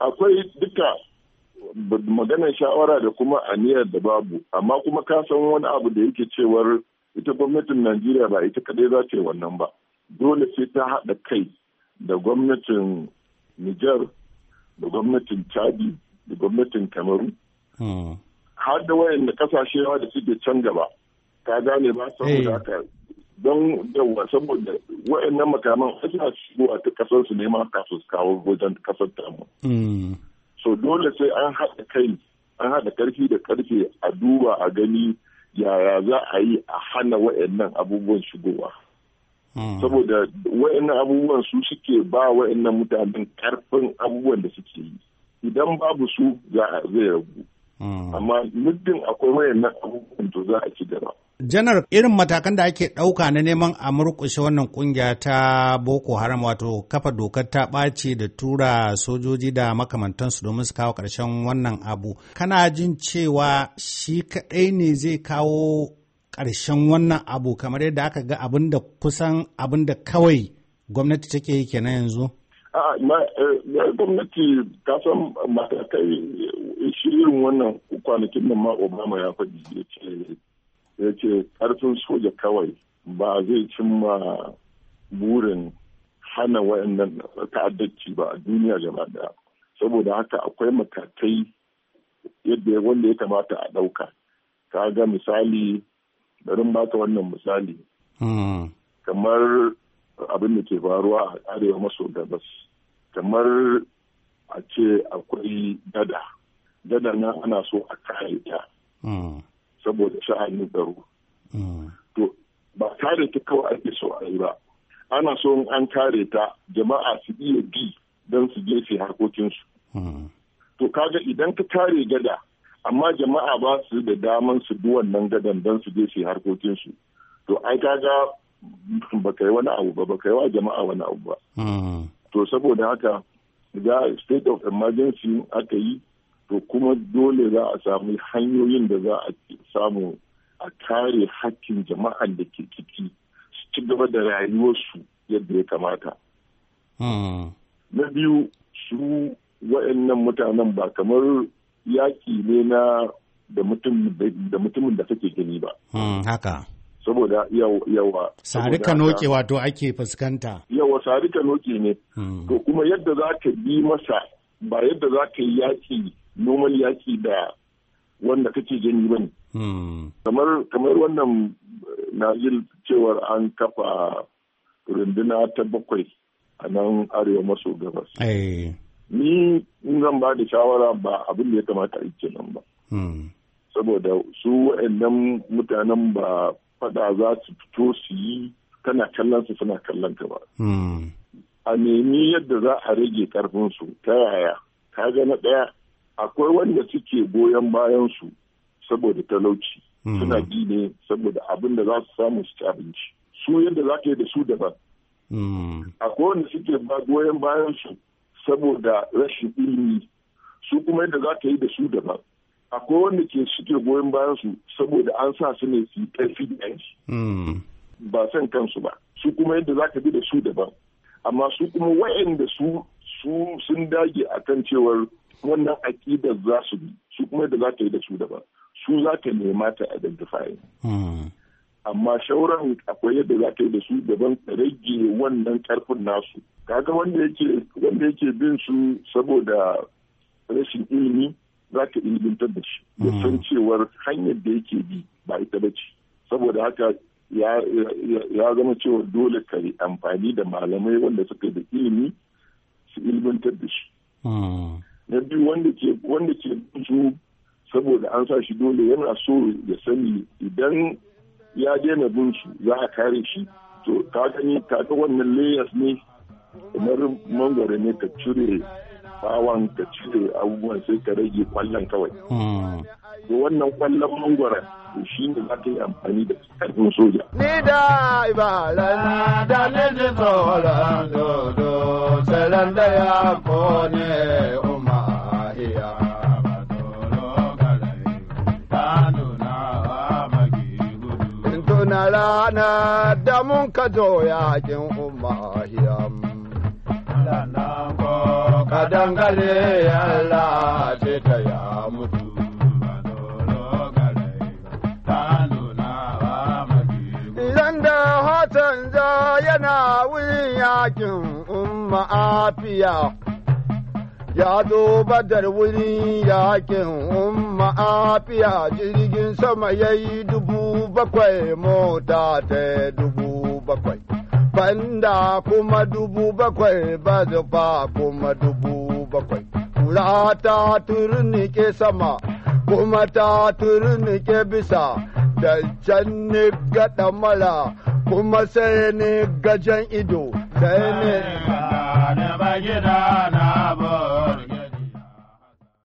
akwai duka maganar shawara da kuma aniyar da babu amma kuma ka san wani abu da yake cewar ita gwamnatin najeriya ba ita kadai za ta yi wannan ba dole sai ta haɗa kai da gwamnatin niger da gwamnatin chadi da gwamnatin kamaru hmm. har da wayan da kasashe da suke can gaba ka gane ba saboda haka don yawa saboda wa'annan makaman suna shigowa ta kasar su neman kasu su kawo wajen kasar tamu. Hmm. So dole sai an haɗa kai an haɗa karfi da karfe a duba a gani yaya za a yi a hana wa'annan abubuwan shigowa. Hmm. Saboda wa'annan abubuwan su suke ba wa'annan mutanen karfin abubuwan da suke yi. Idan babu su za a zai ragu. Hmm. Amma muddin akwai wa'annan abubuwan to za a ci gaba. janar irin matakan da ake ɗauka na neman a murkushe wannan ƙungiya ta boko haram wato kafa dokar ta ɓaci da tura sojoji da makamantansu domin su kawo ƙarshen wannan abu kana jin cewa shi kaɗai ne zai kawo ƙarshen wannan abu kamar yadda aka ga abin da kusan abin da kawai gwamnati take yi kenan yanzu eh, eh, gwamnati ta san matakai shirin wannan kwanakin nan ma obama ya faɗi ya ce ya ce karfin soja kawai ba zai cimma burin hana wayannan ta'addanci ba a duniya gaba daya saboda haka akwai matakai yadda wanda ya kamata a ɗauka ka ga misali bari baka wannan misali hmm. kamar abin da ke faruwa a arewa maso gabas kamar a ce akwai dada dada nan ana so a kare ta hmm. saboda sha'anin tsaro. Mm. To ba kare ta kawai ake so a yi ba. Ana so an kare ta jama'a su iya bi don su je su harkokinsu. Mm. To kaga idan ka kare gada amma jama'a ba su da daman su bi wannan gadan don su je su harkokinsu. To ai kaga ba kai wani abu ba ba kai wa jama'a wani abu ba. Mm. To saboda haka ga state of emergency aka yi to kuma dole za a samu hanyoyin da za a samu a kare hakkin jama'an da ke ciki su ci gaba da rayuwarsu yadda ya kamata. Hmm. Na biyu su wa'annan mutanen ba kamar yaƙi ne na da mutumin da kake gani ba. Hmm, haka. Saboda yawa. Sari ka noke wato ake fuskanta. Yawa sari ka noke ne. Hmm. To kuma yadda za ka bi masa ba yadda za ka yi yaƙi Noman yaki da wanda kake gani bane hmm. kamar kamar wannan eh, na cewar an kafa runduna ta bakwai a nan arewa maso gabas eh. ni zan ba da shawara ba abin da ya kamata a yi nan ba hmm. saboda su waɗannan mutanen ba fada za su fito su yi kana kallon su suna kallon ka ba hmm. a nemi yadda za a rage karfin su ta yaya ka ga na ɗaya akwai wanda suke goyon bayan su saboda talauci hmm. suna ji ne saboda abin da za su samu su ci abinci su yadda za ka yi da su daban hmm. akwai wanda suke ba goyon bayan su saboda rashin ilimi su kuma yadda za ka yi da su daban akwai wanda ke suke goyon bayan su saboda an sa su ne su yi ƙarfi da yanki hmm. ba san kansu ba su kuma yadda za ka bi da su daban amma su kuma wa'anda su sun dage akan cewar wannan aƙidar za su bi su kuma da za ta yi da su daban su za ta nema ta identify hmm. amma shauran akwai yadda za ta yi da su daban rage wannan karfin nasu kaga wanda yake wanda yake bin su saboda rashin ilimi za ta ilimintar da shi ya hmm. san cewar hanyar da yake bi ba ita ba ce saboda haka ya zama cewa dole ka yi amfani da malamai wanda suka da ilimi su ilimintar da shi hmm. na biyu wanda ke wanda ke su saboda an sa shi dole yana so ya sani idan ya je bin su za a kare shi to ka gani ka ga wannan layers ne kamar mangwaro ne ka cire bawan ka cire abubuwan sai ka rage kwallon kawai hmm. to wannan kwallon mangwaro shi ne za ka yi amfani da karfin soja ni da da tuna rana da mun ka zo yakin umahiyam. Sannan ko ka dangare Allah ce ta ya mutu. da yana wurin yakin umma afiya ya zo badar wurin yakin umma afiya jirgin sama ya yi dubu bakwai mota ta dubu bakwai banda kuma dubu bakwai ba zuba kuma dubu bakwai kura ta turnike sama kuma ta turnike bisa da can ni gaɗa kuma sai ni gajen ido sai ni